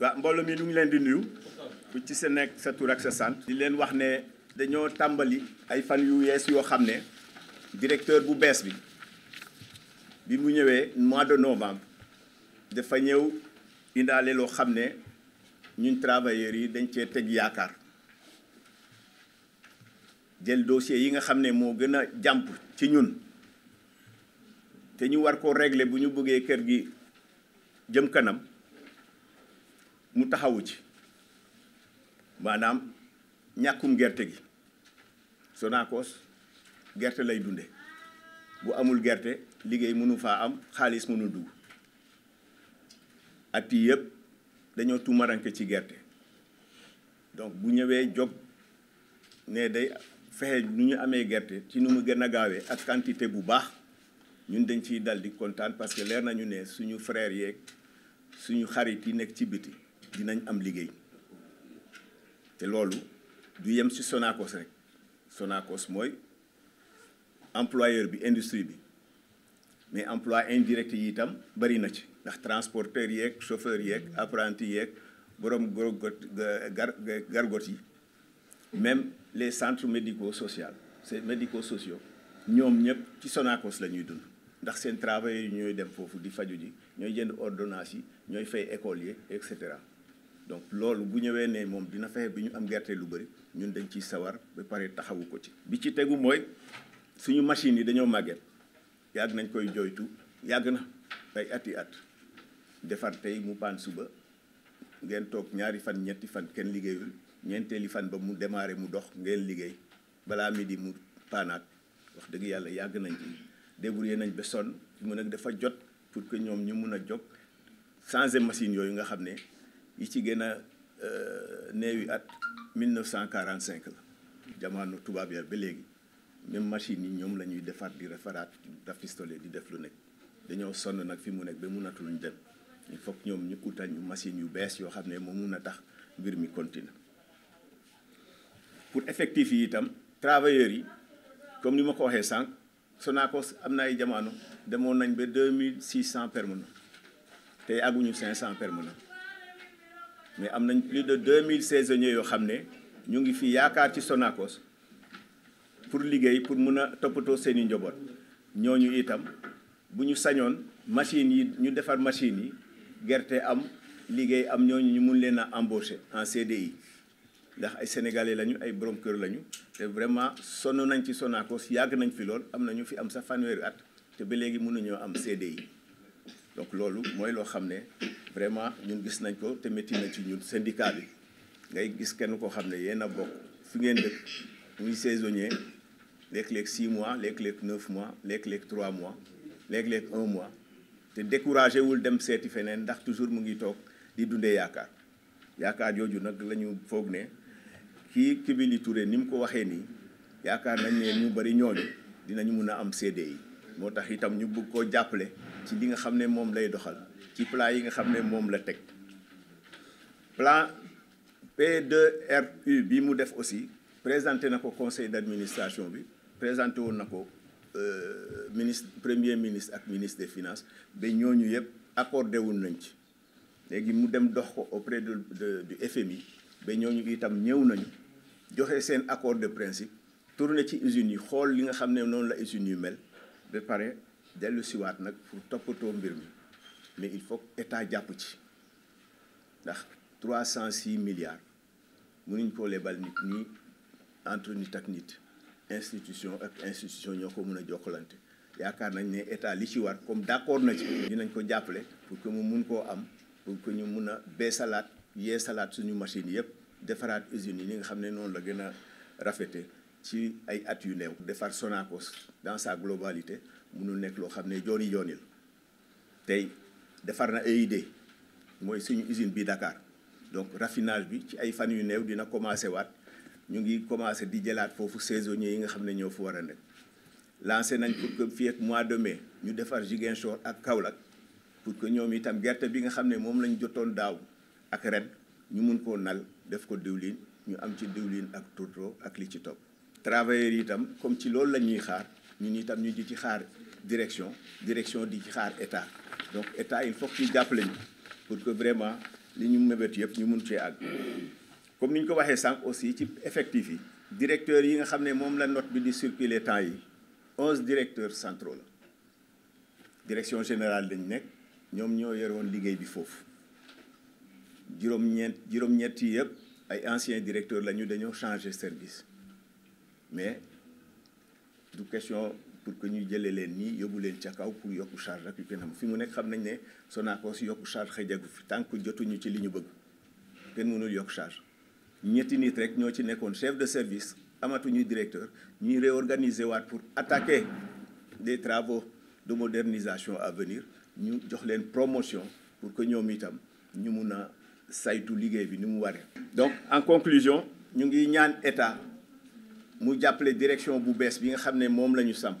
waaw mbooloo mi ñu ngi leen di nuyu bu ci sa nekk sa tur ak sa sant di leen wax ne dañoo tàmbali ay fan yu yees yoo xam ne directeur bu bees bi bi mu ñëwee mois de novembre dafa ñëw indaale loo xam ne ñun travailleurs yi dañ cee tëj yaakaar jël dossier yi nga xam ne moo gën a jàmp ci ñun te ñu war koo régler bu ñu bëggee kër gi jëm kanam mu taxawu ci maanaam ñàkkum gerte gi Sonacos gerte lay dunde bu amul gerte liggéey mënu faa am xaalis mënu dugg at yi yëpp dañoo tumaranke ci gerte donc bu ñëwee jóg ne day fexe nu ñu amee gerte ci nu mu gën a gaawee ak quantité bu baax ñun dañ ciy dal di kontaan parce que leer nañu ne suñu frères yeeg suñu xarit yi nekk ci biti dinañ am liggéey te loolu du yem ci Sonacos rek Sonacos mooy employeur bi industrie bi mais emploi indirect yi itam bari na ci ndax transporteur yeeg chauffeur yeeg apprenti yeeg borom gorgot gar gargot yi même les centres médico social c'est médico sociaux ñoom ñëpp ci Sonacos la ñuy dund ndax seen travail yi ñooy dem foofu di faju ji ñooy jënd ordonnance yi ñooy fay école yi et cetera donc loolu bu ñëwee ne moom dina fexe bi ñu am gerte lu bëri ñun dañ ciy sawar ba pare taxawu ko ci. bi ci tegu mooy suñu machines yi dañoo màgget yàgg nañ koy jooytu yàgg na ay ati at defar tey mu paan suba ngeen toog ñaari fan ñetti fan kenn liggéeyul ñeenteeli fan ba mu démarré mu dox ngeen liggéey balaa mi di mu paanaat wax dëgg yàlla yàgg nañ ci. débrouillé nañ ba sonn mu nag dafa jot pour que ñoom ñu mun a jog changer machine yooyu nga xam ne yi ci gën a euh, néewi at cinq la jamono tubaab yar ba léegi même machine yi ñoom la ñuy defar di refaraat daf pistolet di def lu nekk dañoo sonn nag fi mu nekk ba munatuluñ dem il faut que ñoom ñu utal ñu machine yu bees yoo xam ne moo mun a tax mbir mi continue pour effectif yi itam travailleurs yi comme ni ma ko waxee sànq Sonacos am na ay jamono demoon nañ ba deux mille six cent permanent tey àgguñu cinq cent permanent mais am nañ plus de deux mille saisonniers yoo xam ne ñu ngi fi yaakaar ci Sonacos pour liggéey pour mun a toppatoo seen i njaboot ñooñu itam bu ñu sañoon machines yi ñu defar machines yi gerte am liggéey am ñoo ñu mun leen a embaucher en CDI. ndax ay sénégalais lañu ay borom kër lañu te vraiment sonn nañ ci Sonacos yàgg nañ fi lool am na ñu fi am sa fanweeri at te ba léegi mënuñoo am CDI donc loolu mooy loo xam ne vraiment ñun gis nañ ko te métti na ci ñun syndicat bi ngay gis kenn koo xam ne yéen a bokk fi ngeen dëkk muy saisonnier léeg-léeg 6 mois léeg-léeg 9 mois léeg-léeg 3 mois léeg-léeg 1 mois te découragé wul dem seeti feneen ndax toujours mu ngi toog di dundee yaakaar yaakaar jooju nag la ñu foog ne. kii Kibili Touré ni mu ko waxee nii yaakaar nañ ne ñu bari ñooñu dinañu mun a am CDI moo tax itam ñu bugg koo jàppale ci li nga xam ne moom lay doxal ci plan yi nga xam ne moom la teg plan p 2 mu def aussi présenté na ko conseil d'administration bi présenté woon na ko euh, ministre premier ministre ak ministre des finances ba ñooñu yëpp accordé wul nañ ci léegi mu dem dox ko auprès de du FMI ba ñooñu itam ñëw nañu joxe seen accord de principe tourné ci usines yi xool li nga xam ne noonu la usines yu mel ba pare dellu siwaat nag pour toppatoo mbir mi mais il faut état jàpp ci ndax trois cent six milliards mënuñ koo lebal nit ñi entre nit ak nit institution ak institution ñoo ko mun a jokkalante yaakaar nañ ne état li ci war comme d'accord na ci dinañ ko jàppale pour que mu mun koo am pour que ñu mun a beesalaat yeesalaat suñu machine yëpp defaraat usines yi ñi nga xam ne noonu la gën a rafete ci ay at yu néew. defar Sonacos dans sa globalité mënul nekk loo xam ne jooni jooni la tey defar na EID mooy suñu usine bi Dakar donc raffinage bi ci ay fan yu néew dina commencé waat ñu ngi commencé di jëlaat foofu saisonniers yi nga xam ne ñoo fu war a nekk lancé nañ pour que ak mois de mais ñu defar Ziguinchor ak Kaolack pour que ñoom itam gerte bi nga xam ne moom lañ jotoon daaw ak ren. ñu mun koo nal def ko diwlin ñu am ci diwlin ak tourteau ak li ci topp travailleurs yi itam comme ci loolu la ñuy xaar ñun itam ñu di ci xaar direction direction di ci xaar état donc état il faut que ñu jàppale ñu pour que vraiment li ñu mébét yëpp ñu mun cee àgg comme ni ñu ko waxee sànq aussi ci effectif yi directeurs yi nga xam ne moom la not bi di circuler temps yi onze directeurs centraux la direction général dañ nekk ñoom ñoo yore woon liggéey bi foofu juróom-ñeent juróom yëpp ay anciens directeurs la ñu dañoo changer service mais du question pour que ñu jëlee leen nii yóbbu leen ca kaw pour yokk charge ak yu kenn xam mu nekk xam nañ ne Sonacos yokku charge xëjagu fi tant jotuñu ci li ñu bëgg kenn mënul yokk charge ñetti nit rek ñoo ci nekkoon chef de service amatuñu directeur ñuy réorganiser waat pour attaquer des travaux de modernisation avenir ñu jox leen promotion pour que ñoom itam ñu mun a saytu liggéey bi ni mu waree. donc en conclusion ñu ngi ñaan état mu jàppale direction bu bees bi nga xam ne moom la ñu samp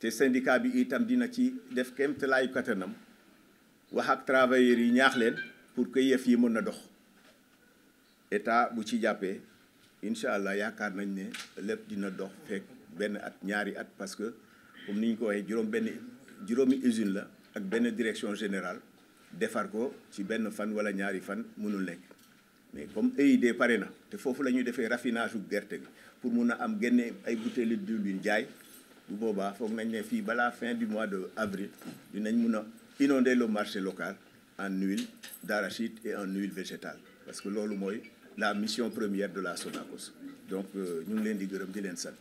te syndicat bi itam dina ci def kéemtalaayu katanam wax ak travailleurs yi ñaax leen pour que yëf yi mën na dox état bu ci jàppee incha allah yaakaar nañ ne lépp dina dox fekk benn at ñaari at parce que comme ni ñu ko waxee juróom benn juróomi usine la ak benn direction général defar ko ci benn fan wala ñaari fan mënul nekk mais comme EID pare na te foofu la ñuy defee raffinage u gerte bi pour mun a am génne ay butéeli diwlin jaay bu boobaa foog nañ ne fii balaa fin du mois de avril dinañ mun a inonder le marché local en huile d'arachide et en huile végétal parce que loolu mooy la mission première de la Sonacos donc euh, ñu ngi leen di gërëm di leen sant.